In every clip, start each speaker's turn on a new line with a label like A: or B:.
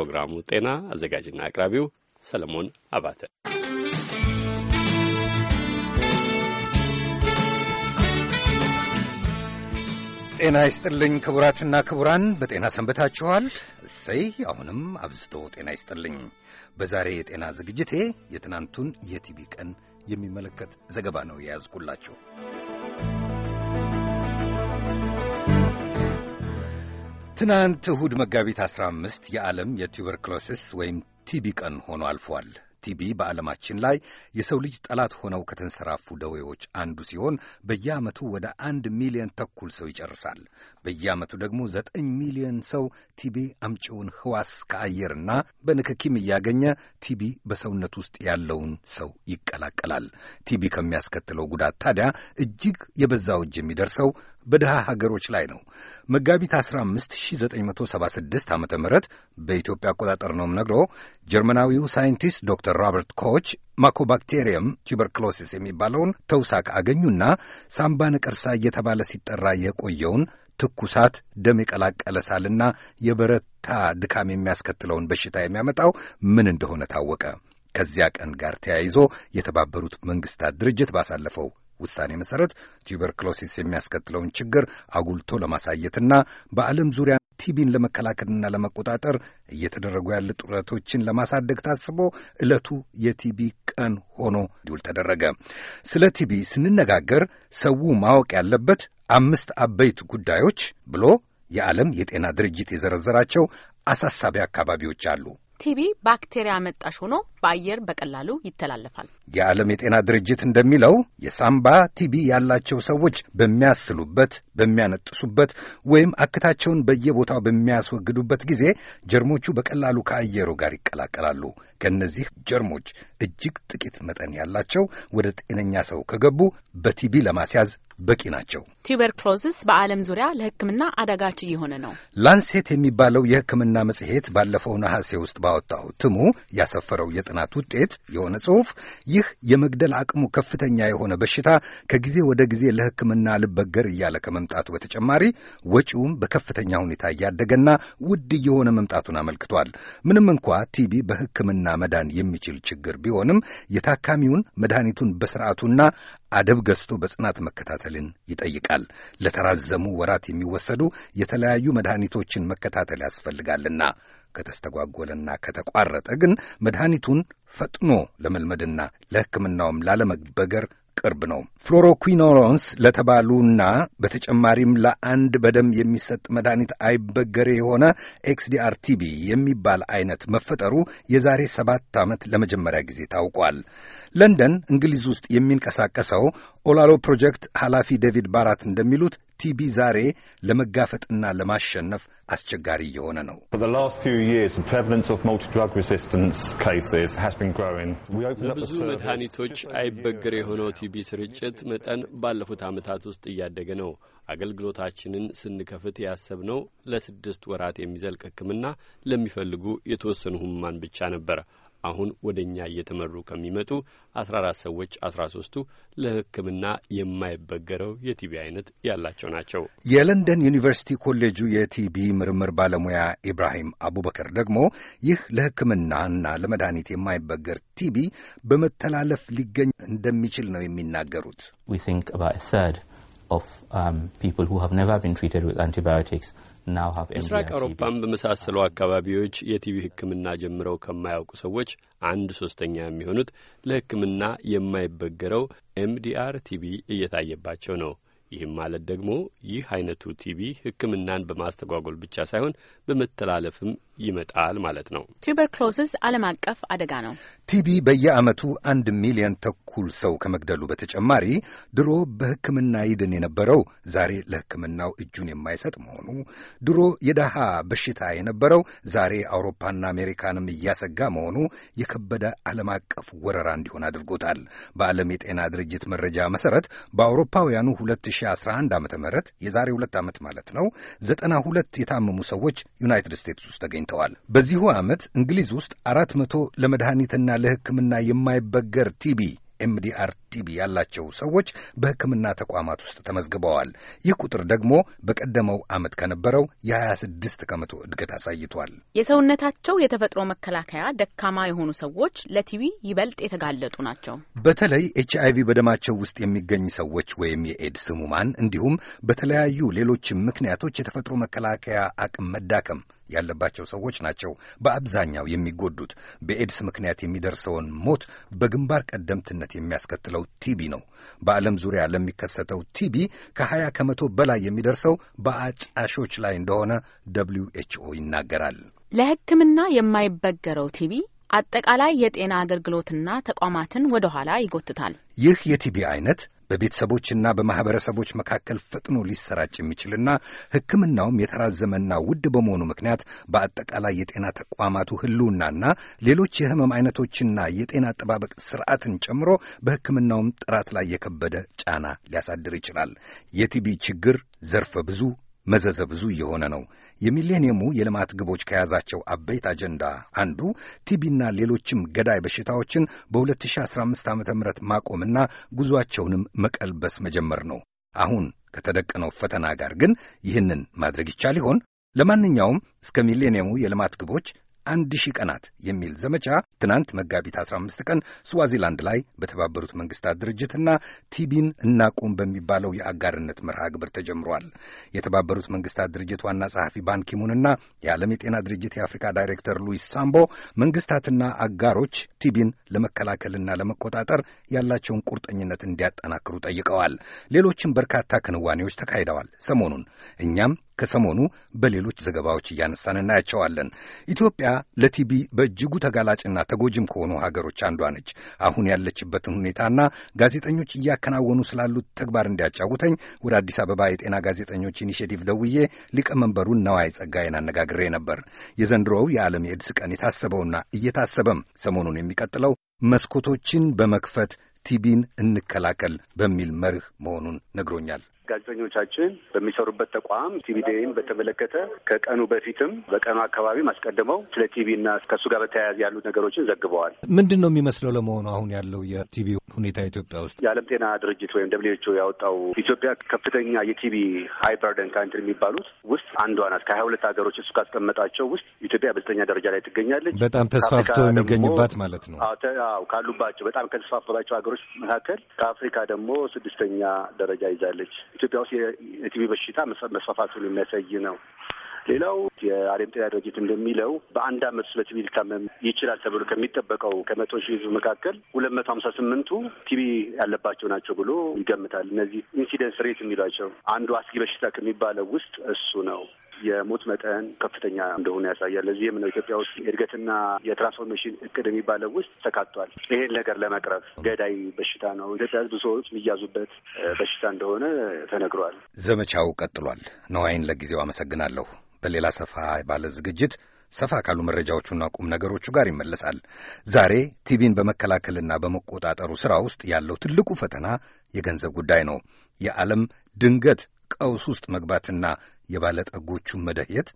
A: ፕሮግራሙ ጤና አዘጋጅና አቅራቢው ሰለሞን አባተ።
B: ጤና ይስጥልኝ ክቡራትና ክቡራን፣ በጤና ሰንበታችኋል? እሰይ አሁንም አብዝቶ ጤና ይስጥልኝ። በዛሬ የጤና ዝግጅቴ የትናንቱን የቲቢ ቀን የሚመለከት ዘገባ ነው የያዝኩላችሁ። ትናንት እሁድ መጋቢት 15 የዓለም የቱበርክሎሲስ ወይም ቲቢ ቀን ሆኖ አልፏል። ቲቢ በዓለማችን ላይ የሰው ልጅ ጠላት ሆነው ከተንሰራፉ ደዌዎች አንዱ ሲሆን በየዓመቱ ወደ አንድ ሚሊዮን ተኩል ሰው ይጨርሳል። በየዓመቱ ደግሞ ዘጠኝ ሚሊዮን ሰው ቲቢ አምጪውን ሕዋስ ከአየርና በንክኪም እያገኘ ቲቢ በሰውነት ውስጥ ያለውን ሰው ይቀላቀላል። ቲቢ ከሚያስከትለው ጉዳት ታዲያ እጅግ የበዛው እጅ የሚደርሰው በድሃ ሀገሮች ላይ ነው። መጋቢት 15 1976 ዓ ም በኢትዮጵያ አቆጣጠር ነው የምነግረው። ጀርመናዊው ሳይንቲስት ዶክተር ሮበርት ኮች ማኮባክቴሪየም ቱበርክሎሲስ የሚባለውን ተውሳክ አገኙና ሳምባ ነቀርሳ እየተባለ ሲጠራ የቆየውን ትኩሳት፣ ደም የቀላቀለ ሳልና የበረታ ድካም የሚያስከትለውን በሽታ የሚያመጣው ምን እንደሆነ ታወቀ። ከዚያ ቀን ጋር ተያይዞ የተባበሩት መንግስታት ድርጅት ባሳለፈው ውሳኔ መሠረት ቱበርክሎሲስ የሚያስከትለውን ችግር አጉልቶ ለማሳየትና በዓለም ዙሪያ ቲቢን ለመከላከልና ለመቆጣጠር እየተደረጉ ያሉ ጥረቶችን ለማሳደግ ታስቦ ዕለቱ የቲቢ ቀን ሆኖ እንዲውል ተደረገ። ስለ ቲቢ ስንነጋገር ሰው ማወቅ ያለበት አምስት አበይት ጉዳዮች ብሎ የዓለም የጤና ድርጅት የዘረዘራቸው አሳሳቢ አካባቢዎች አሉ።
C: ቲቢ ባክቴሪያ መጣሽ ሆኖ በአየር በቀላሉ ይተላለፋል።
B: የዓለም የጤና ድርጅት እንደሚለው የሳምባ ቲቢ ያላቸው ሰዎች በሚያስሉበት፣ በሚያነጥሱበት ወይም አክታቸውን በየቦታው በሚያስወግዱበት ጊዜ ጀርሞቹ በቀላሉ ከአየሩ ጋር ይቀላቀላሉ። ከእነዚህ ጀርሞች እጅግ ጥቂት መጠን ያላቸው ወደ ጤነኛ ሰው ከገቡ በቲቢ ለማስያዝ በቂ ናቸው።
C: ቱበርክሎዝስ በዓለም ዙሪያ ለሕክምና አዳጋች እየሆነ ነው።
B: ላንሴት የሚባለው የሕክምና መጽሔት ባለፈው ነሐሴ ውስጥ ባወጣው ትሙ ያሰፈረው የጥናት ውጤት የሆነ ጽሑፍ ይህ የመግደል አቅሙ ከፍተኛ የሆነ በሽታ ከጊዜ ወደ ጊዜ ለሕክምና ልበገር እያለ ከመምጣቱ በተጨማሪ ወጪውም በከፍተኛ ሁኔታ እያደገና ውድ እየሆነ መምጣቱን አመልክቷል። ምንም እንኳ ቲቢ በሕክምና መዳን የሚችል ችግር ቢሆንም የታካሚውን መድኃኒቱን በስርዓቱና አደብ ገዝቶ በጽናት መከታተልን ይጠይቃል። ይጠይቃል። ለተራዘሙ ወራት የሚወሰዱ የተለያዩ መድኃኒቶችን መከታተል ያስፈልጋልና ከተስተጓጎለና ከተቋረጠ ግን መድኃኒቱን ፈጥኖ ለመልመድና ለሕክምናውም ላለመበገር ቅርብ ነው። ፍሎሮኩዊኖሎንስ ለተባሉና በተጨማሪም ለአንድ በደም የሚሰጥ መድኃኒት አይበገሬ የሆነ ኤክስዲአር ቲቢ የሚባል አይነት መፈጠሩ የዛሬ ሰባት ዓመት ለመጀመሪያ ጊዜ ታውቋል። ለንደን እንግሊዝ ውስጥ የሚንቀሳቀሰው ኦላሎ ፕሮጀክት ኃላፊ ዴቪድ ባራት እንደሚሉት ቲቢ ዛሬ ለመጋፈጥና ለማሸነፍ አስቸጋሪ እየሆነ ነው። ለብዙ መድኃኒቶች አይበገር የሆነው ቲቢ
A: ስርጭት መጠን ባለፉት ዓመታት ውስጥ እያደገ ነው። አገልግሎታችንን ስንከፍት ያሰብነው ለስድስት ወራት የሚዘልቅ ሕክምና ለሚፈልጉ የተወሰኑ ህሙማን ብቻ ነበር። አሁን ወደ እኛ እየተመሩ ከሚመጡ አስራ አራት ሰዎች አስራ ሶስቱ ለሕክምና የማይበገረው የቲቢ አይነት ያላቸው ናቸው።
B: የለንደን ዩኒቨርሲቲ ኮሌጁ የቲቢ ምርምር ባለሙያ ኢብራሂም አቡበከር ደግሞ ይህ ለሕክምናና ለመድኃኒት የማይበገር ቲቢ በመተላለፍ ሊገኝ እንደሚችል ነው የሚናገሩት።
A: ምስራቅ አውሮፓን በመሳሰሉ አካባቢዎች የቲቪ ሕክምና ጀምረው ከማያውቁ ሰዎች አንድ ሶስተኛ የሚሆኑት ለሕክምና የማይበገረው ኤምዲአር ቲቪ እየታየባቸው ነው። ይህም ማለት ደግሞ ይህ አይነቱ ቲቪ ሕክምናን
B: በማስተጓጎል ብቻ ሳይሆን በመተላለፍም ይመጣል ማለት
A: ነው።
C: ቱበርክሎስስ ዓለም አቀፍ አደጋ ነው።
B: ቲቢ በየዓመቱ አንድ ሚሊዮን ተኩል ሰው ከመግደሉ በተጨማሪ ድሮ በሕክምና ይድን የነበረው ዛሬ ለሕክምናው እጁን የማይሰጥ መሆኑ፣ ድሮ የደሃ በሽታ የነበረው ዛሬ አውሮፓና አሜሪካንም እያሰጋ መሆኑ የከበደ ዓለም አቀፍ ወረራ እንዲሆን አድርጎታል። በዓለም የጤና ድርጅት መረጃ መሠረት በአውሮፓውያኑ 2011 ዓ ም የዛሬ ሁለት ዓመት ማለት ነው 92 የታመሙ ሰዎች ዩናይትድ ስቴትስ ውስጥ ተገኝተዋል። ተገኝተዋል። በዚሁ ዓመት እንግሊዝ ውስጥ አራት መቶ ለመድኃኒትና ለሕክምና የማይበገር ቲቢ ኤምዲአር ቲቢ ያላቸው ሰዎች በሕክምና ተቋማት ውስጥ ተመዝግበዋል። ይህ ቁጥር ደግሞ በቀደመው ዓመት ከነበረው የ26 ከመቶ እድገት አሳይቷል።
C: የሰውነታቸው የተፈጥሮ መከላከያ ደካማ የሆኑ ሰዎች ለቲቢ ይበልጥ የተጋለጡ ናቸው።
B: በተለይ ኤች አይቪ በደማቸው ውስጥ የሚገኝ ሰዎች ወይም የኤድስ ህሙማን እንዲሁም በተለያዩ ሌሎችም ምክንያቶች የተፈጥሮ መከላከያ አቅም መዳከም ያለባቸው ሰዎች ናቸው በአብዛኛው የሚጎዱት። በኤድስ ምክንያት የሚደርሰውን ሞት በግንባር ቀደምትነት የሚያስከትለው ቲቢ ነው። በዓለም ዙሪያ ለሚከሰተው ቲቢ ከሀያ ከመቶ በላይ የሚደርሰው በአጫሾች ላይ እንደሆነ ደብሊው ኤችኦ ይናገራል።
C: ለሕክምና የማይበገረው ቲቢ አጠቃላይ የጤና አገልግሎትና ተቋማትን ወደ ኋላ ይጎትታል።
B: ይህ የቲቢ አይነት በቤተሰቦችና በማኅበረሰቦች መካከል ፈጥኖ ሊሰራጭ የሚችልና ሕክምናውም የተራዘመና ውድ በመሆኑ ምክንያት በአጠቃላይ የጤና ተቋማቱ ህልውናና ሌሎች የህመም አይነቶችና የጤና አጠባበቅ ስርዓትን ጨምሮ በሕክምናውም ጥራት ላይ የከበደ ጫና ሊያሳድር ይችላል። የቲቢ ችግር ዘርፈ ብዙ መዘዘ ብዙ እየሆነ ነው። የሚሌኒየሙ የልማት ግቦች ከያዛቸው አበይት አጀንዳ አንዱ ቲቢና ሌሎችም ገዳይ በሽታዎችን በ2015 ዓ ም ማቆምና ጉዞአቸውንም መቀልበስ መጀመር ነው። አሁን ከተደቀነው ፈተና ጋር ግን ይህንን ማድረግ ይቻል ይሆን? ለማንኛውም እስከ ሚሌኒየሙ የልማት ግቦች አንድ ሺህ ቀናት የሚል ዘመቻ ትናንት መጋቢት 15 ቀን ስዋዚላንድ ላይ በተባበሩት መንግስታት ድርጅትና ቲቢን እናቁም በሚባለው የአጋርነት መርሃ ግብር ተጀምሯል። የተባበሩት መንግስታት ድርጅት ዋና ጸሐፊ ባንኪሙንና የዓለም የጤና ድርጅት የአፍሪካ ዳይሬክተር ሉዊስ ሳምቦ መንግስታትና አጋሮች ቲቢን ለመከላከልና ለመቆጣጠር ያላቸውን ቁርጠኝነት እንዲያጠናክሩ ጠይቀዋል። ሌሎችም በርካታ ክንዋኔዎች ተካሂደዋል። ሰሞኑን እኛም ከሰሞኑ በሌሎች ዘገባዎች እያነሳን እናያቸዋለን። ኢትዮጵያ ለቲቢ በእጅጉ ተጋላጭና ተጎጂም ከሆኑ ሀገሮች አንዷ ነች። አሁን ያለችበትን ሁኔታና ጋዜጠኞች እያከናወኑ ስላሉት ተግባር እንዲያጫውተኝ ወደ አዲስ አበባ የጤና ጋዜጠኞች ኢኒሽቲቭ ደውዬ ሊቀመንበሩን ነዋይ ጸጋዬን አነጋግሬ ነበር። የዘንድሮው የዓለም የኤድስ ቀን የታሰበውና እየታሰበም ሰሞኑን የሚቀጥለው መስኮቶችን በመክፈት ቲቢን እንከላከል በሚል መርህ መሆኑን ነግሮኛል።
D: ጋዜጠኞቻችን በሚሰሩበት ተቋም ቲቪ በተመለከተ ከቀኑ በፊትም በቀኑ አካባቢ አስቀድመው ስለ ቲቪና ከእሱ ጋር በተያያዘ ያሉ ነገሮችን ዘግበዋል።
B: ምንድን ነው የሚመስለው ለመሆኑ አሁን ያለው የቲቪ ሁኔታ ኢትዮጵያ
D: ውስጥ? የዓለም ጤና ድርጅት ወይም ደብሊው ኤች ኦ ያወጣው ኢትዮጵያ ከፍተኛ የቲቪ ሃይ በርደን ካንትሪ የሚባሉት ውስጥ አንዷ ናት። ከሀያ ሁለት ሀገሮች እሱ ካስቀመጣቸው ውስጥ ኢትዮጵያ በዘጠኛ ደረጃ ላይ ትገኛለች። በጣም ተስፋፍቶ የሚገኝባት ማለት ነው። ካሉባቸው በጣም ከተስፋፋባቸው ሀገሮች መካከል ከአፍሪካ ደግሞ ስድስተኛ ደረጃ ይዛለች። ኢትዮጵያ ውስጥ የቲቪ በሽታ መስፋፋቱን የሚያሳይ ነው። ሌላው የዓለም ጤና ድርጅት እንደሚለው በአንድ አመት ውስጥ በቲቪ ሊታመም ይችላል ተብሎ ከሚጠበቀው ከመቶ ሺህ ህዝብ መካከል ሁለት መቶ ሀምሳ ስምንቱ ቲቪ ያለባቸው ናቸው ብሎ ይገምታል። እነዚህ ኢንሲደንስ ሬት የሚሏቸው አንዱ አስጊ በሽታ ከሚባለው ውስጥ እሱ ነው። የሞት መጠን ከፍተኛ እንደሆነ ያሳያል። ለዚህም ነው ኢትዮጵያ ውስጥ የእድገትና የትራንስፎርሜሽን እቅድ የሚባለው ውስጥ ተካቷል። ይሄን ነገር ለመቅረፍ ገዳይ በሽታ ነው፣ ኢትዮጵያ ብዙ ሰዎች የሚያዙበት በሽታ እንደሆነ ተነግሯል።
B: ዘመቻው ቀጥሏል። ነዋይን ለጊዜው አመሰግናለሁ። በሌላ ሰፋ ባለ ዝግጅት ሰፋ ካሉ መረጃዎቹና ቁም ነገሮቹ ጋር ይመለሳል። ዛሬ ቲቪን በመከላከልና በመቆጣጠሩ ሥራ ውስጥ ያለው ትልቁ ፈተና የገንዘብ ጉዳይ ነው። የዓለም ድንገት ቀውስ ውስጥ መግባትና የባለጠጎቹን መደየት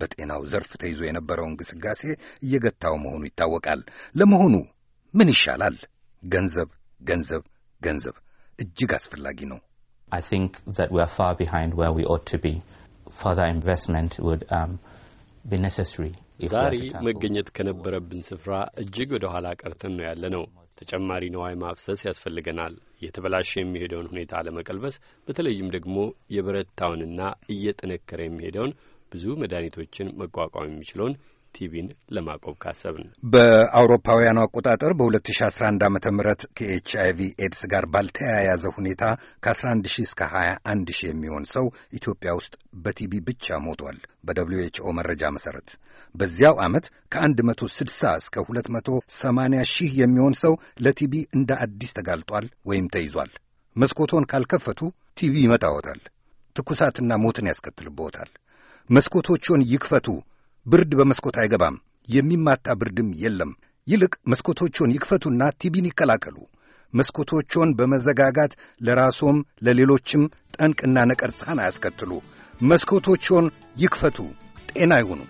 B: በጤናው ዘርፍ ተይዞ የነበረው እንቅስቃሴ እየገታው መሆኑ ይታወቃል። ለመሆኑ ምን ይሻላል? ገንዘብ፣ ገንዘብ፣ ገንዘብ እጅግ አስፈላጊ ነው። um,
A: ዛሬ መገኘት ከነበረብን ስፍራ እጅግ ወደ ኋላ ቀርተን ነው ያለ ነው። ተጨማሪ ነዋይ ማፍሰስ ያስፈልገናል። እየተበላሸ የሚሄደውን ሁኔታ ለመቀልበስ በተለይም ደግሞ የበረታውንና እየጠነከረ የሚሄደውን ብዙ መድኃኒቶችን መቋቋም የሚችለውን ቲቪን ለማቆብ ካሰብን
B: በአውሮፓውያኑ አቆጣጠር በ2011 ዓ ም ከኤች ቪ ኤድስ ጋር ባልተያያዘ ሁኔታ ከ11 ሺህ እስከ 21 ሺህ የሚሆን ሰው ኢትዮጵያ ውስጥ በቲቪ ብቻ ሞቷል። በደብሊው ኤች ኦ መረጃ መሠረት በዚያው ዓመት ከ160 እስከ 280 ሺህ የሚሆን ሰው ለቲቪ እንደ አዲስ ተጋልጧል ወይም ተይዟል። መስኮቶን ካልከፈቱ ቲቪ ይመጣዎታል። ትኩሳትና ሞትን ያስከትልብዎታል። መስኮቶቹን ይክፈቱ ብርድ በመስኮት አይገባም፣ የሚማታ ብርድም የለም። ይልቅ መስኮቶቹን ይክፈቱና ቲቢን ይከላከሉ መስኮቶቹን በመዘጋጋት ለራስዎም ለሌሎችም ጠንቅና ነቀርጻን አያስከትሉ። መስኮቶቹን ይክፈቱ፣ ጤና ይሁኑ።